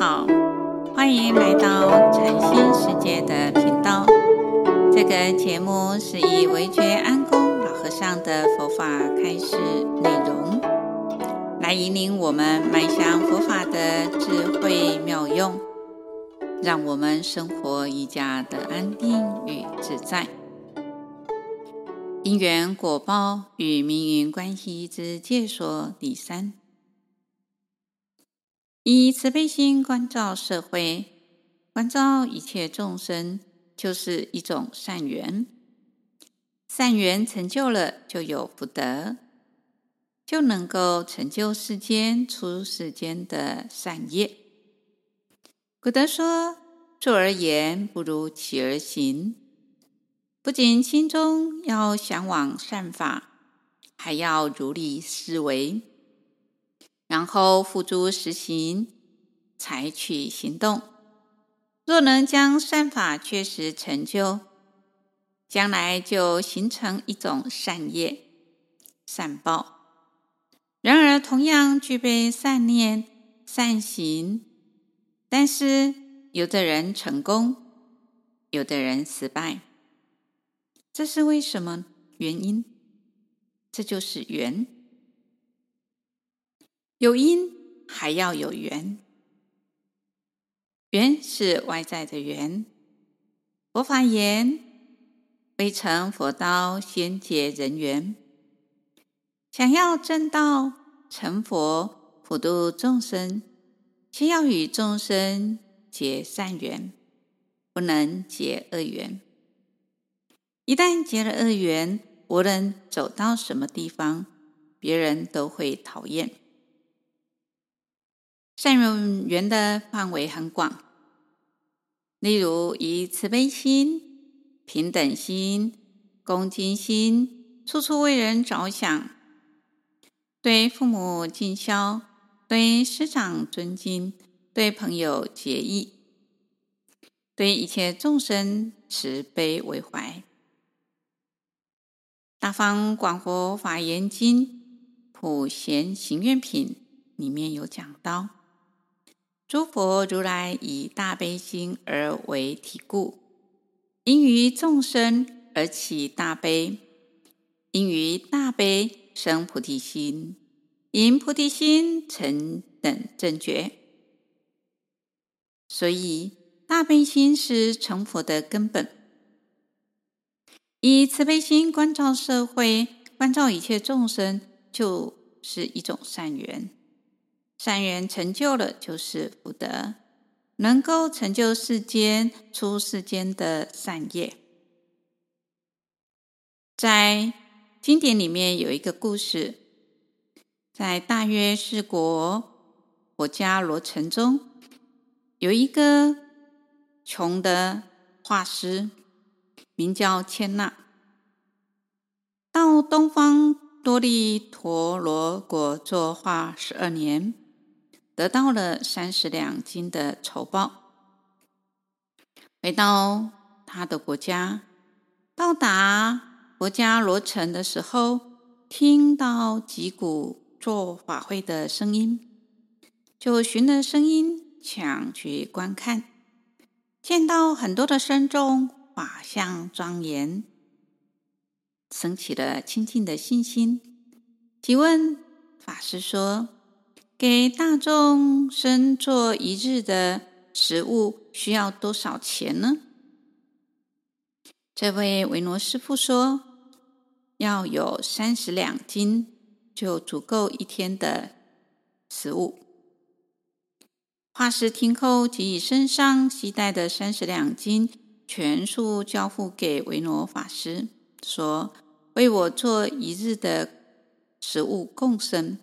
好，歡迎來到禪心世界的頻道。這個節目是以惟覺安公老和尚的佛法開示內容，來引領我們邁向佛法的智慧妙用，讓我們生活愈加的安定與自在。因緣果報與命運關係之介說第三。以慈悲心關照社會，關照一切眾生，就是一種善緣。善緣成就了，就有福德，就能夠成就世間、出世間的善業。古德說：“坐而言，不如起而行。”不僅心中要向往善法，還要如理思維。然後付諸實行，採取行動。若能將善法確實成就，將來就形成一種善業、善報。然而，同樣具備善念、善行，但是有的人成功，有的人失敗，這是為什麼原因？這就是緣。有因，還要有緣，緣是外在的緣。佛法言：“未成佛道，先結人緣。”想要證道成佛，普度眾生，先要與眾生結善緣，不能結惡緣。一旦結了惡緣，無論走到什麼地方，別人都會討厭。善緣的範圍很廣，例如以慈悲心、平等心、恭敬心，處處為人着想；對父母盡孝，對師長尊敬，對朋友節義，對一切眾生慈悲為懷。《大方廣佛華嚴經·普賢行願品》裡面有講到。諸佛如來以大悲心而為體故，因於眾生而起大悲，因於大悲生菩提心，因菩提心成等正覺。所以，大悲心是成佛的根本。以慈悲心關照社會，關照一切眾生，就是一種善緣。善緣成就了，就是福德，能夠成就世間、出世間的善業。在經典裡面有一個故事，在大月氏國弗迦羅城中，有一個窮的畫師，名叫千那，到東方多利陀羅國作畫十二年。得到了三十兩金的酬報，回到他的國家，到達弗迦羅城的時候，聽到擊鼓做法會的聲音，就尋着聲音搶去觀看，見到很多的僧眾法相莊嚴，生起了清淨的信心。提問法師說，給大眾僧做一日的食物需要多少錢呢？這位維那師父說：“要有三十兩金就足夠一天的食物。”畫師聽後，即以身上攜帶的三十兩金，全數交付給維那法師，說：“為我做一日的食物供僧。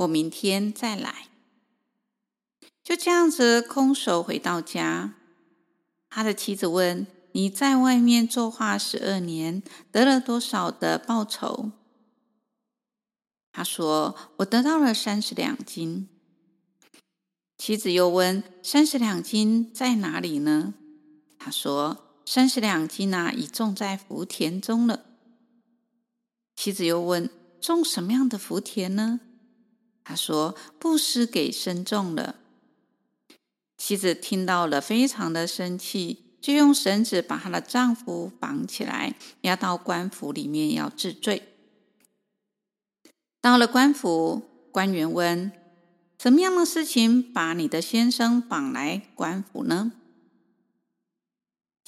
我明天再來，就這樣子空手回到家。他的妻子問：“你在外面作畫十二年，得了多少的報酬？”他說：“我得到了三十兩金。”妻子又問：“三十兩金在哪裡呢？”他說：“三十兩金呢、啊，已種在福田中了。”妻子又問：“種什麼樣的福田呢？”他說：“佈施給僧眾了。”妻子聽到了，非常的生氣，就用繩子把她的丈夫綁起來，押到官府裡面要治罪。到了官府，官員問：“什麼樣的事情把你的先生綁來官府呢？”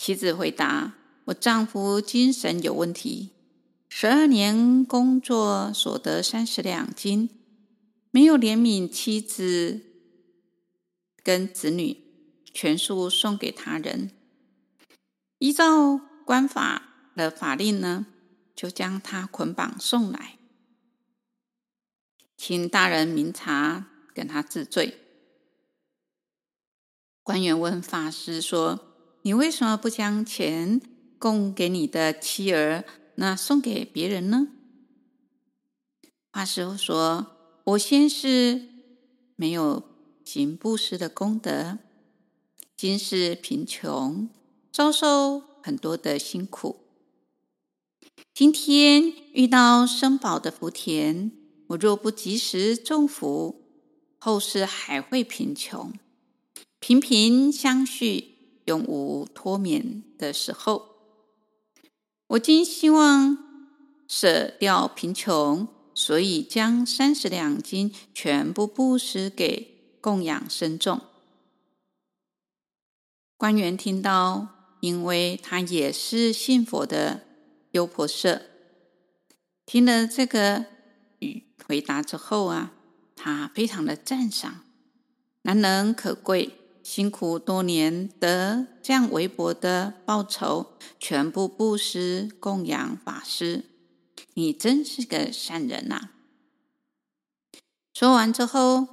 妻子回答：“我丈夫精神有問題，十二年工作所得三十兩金。”沒有憐憫妻子跟子女，全數送給他人。依照官法的法令呢，就將他捆綁送來，請大人明察，跟他治罪。官員問畫師說：“你為什麼不將錢供給你的妻兒，那送給別人呢？”畫師說。我先世沒有行布施的功德，今世貧窮，遭受很多的辛苦。今天遇到僧寶的福田，我若不及時種福，後世還會貧窮，貧貧相續，永無脫免的時候。我今希望舍掉貧窮。所以，將三十兩金全部布施給供養僧眾。官員聽到，因為他也是信佛的優婆塞，聽了這個語回答之後啊，他非常的讚賞，難能可貴，辛苦多年得這樣微薄的報酬，全部布施供養法師。你真是個善人吶，啊！說完之後，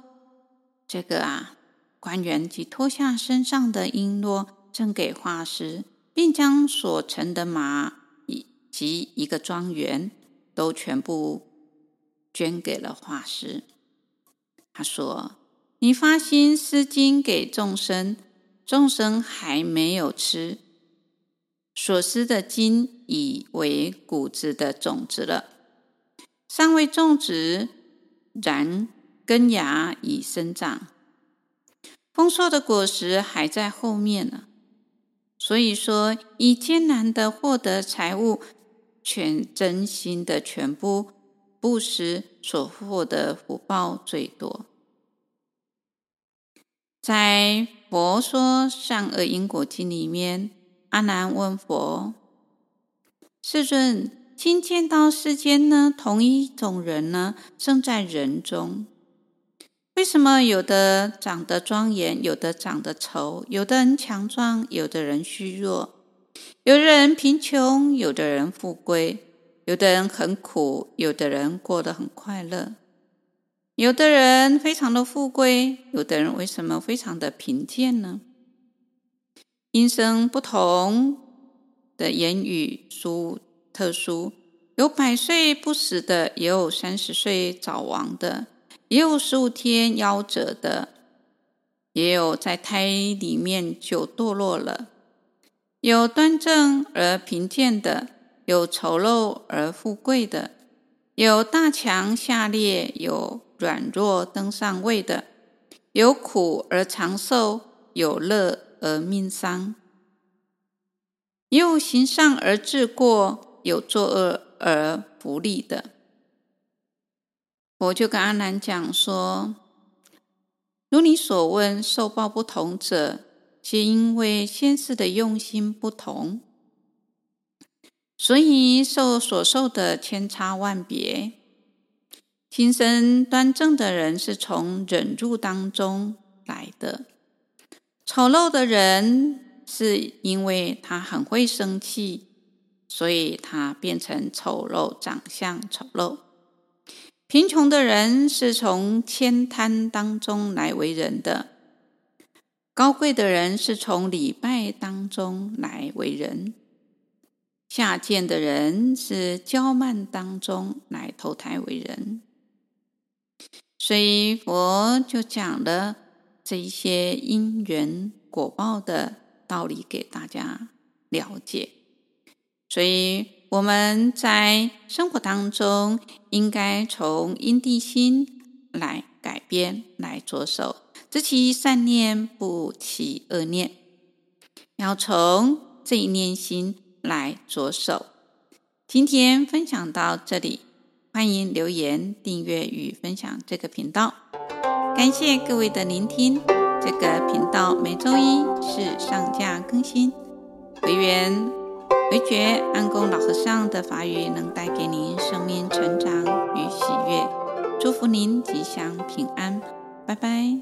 這個啊官員即脫下身上的瓔珞贈給畫師，並將所乘的馬以及一個莊園都全部捐給了畫師。他說：“你發心施金給眾生，眾生還沒有吃。”所施的金已為穀子的種子了，尚未種植，然根芽已生長，豐碩的果實還在後面呢。所以說，以艱難的獲得財物，全真心的全部布施，所獲得福報最多。在佛說善惡因果經裡面。阿難問佛：“世尊，今見到世間呢，同一種人呢，生在人中，為什麼有的長得莊嚴，有的長得醜，有的人強壯，有的人虛弱，有的人貧窮，有的人富貴，有的人很苦，有的人過得很快樂，有的人非常的富貴，有的人為什麼非常的貧賤呢？”音聲不同的言語殊特殊，有百歲不死的，也有三十歲早亡的，也有十五天夭折的，也有在胎裡面就墮落了，有端正而貧賤的，有醜陋而富貴的，有大強下劣，有軟弱登上位的，有苦而長壽，有樂。而命喪，又行善而治過，有作惡而不利的。我就跟阿難講說：如你所問，受報不同者，皆因為先世的用心不同，所以受所受的千差萬別。今身端正的人，是從忍辱當中來的。醜陋的人是因為他很會生氣，所以他變成醜陋，長相醜陋。貧窮的人是從慳貪當中來為人的，高貴的人是從禮拜當中來為人，下賤的人是憍慢當中來投胎為人。所以佛就講了。這一些因緣果報的道理給大家了解，所以我們在生活當中應該從因地心來改變，來着手，只起善念不起惡念，要從這一念心來着手。今天分享到這裡，歡迎留言、訂閱與分享這個頻道。感謝各位的聆聽，這個頻道每周一是上架更新。惟緣、惟覺、安公老和尚的法語能帶給您生命成長與喜悅，祝福您吉祥平安，拜拜。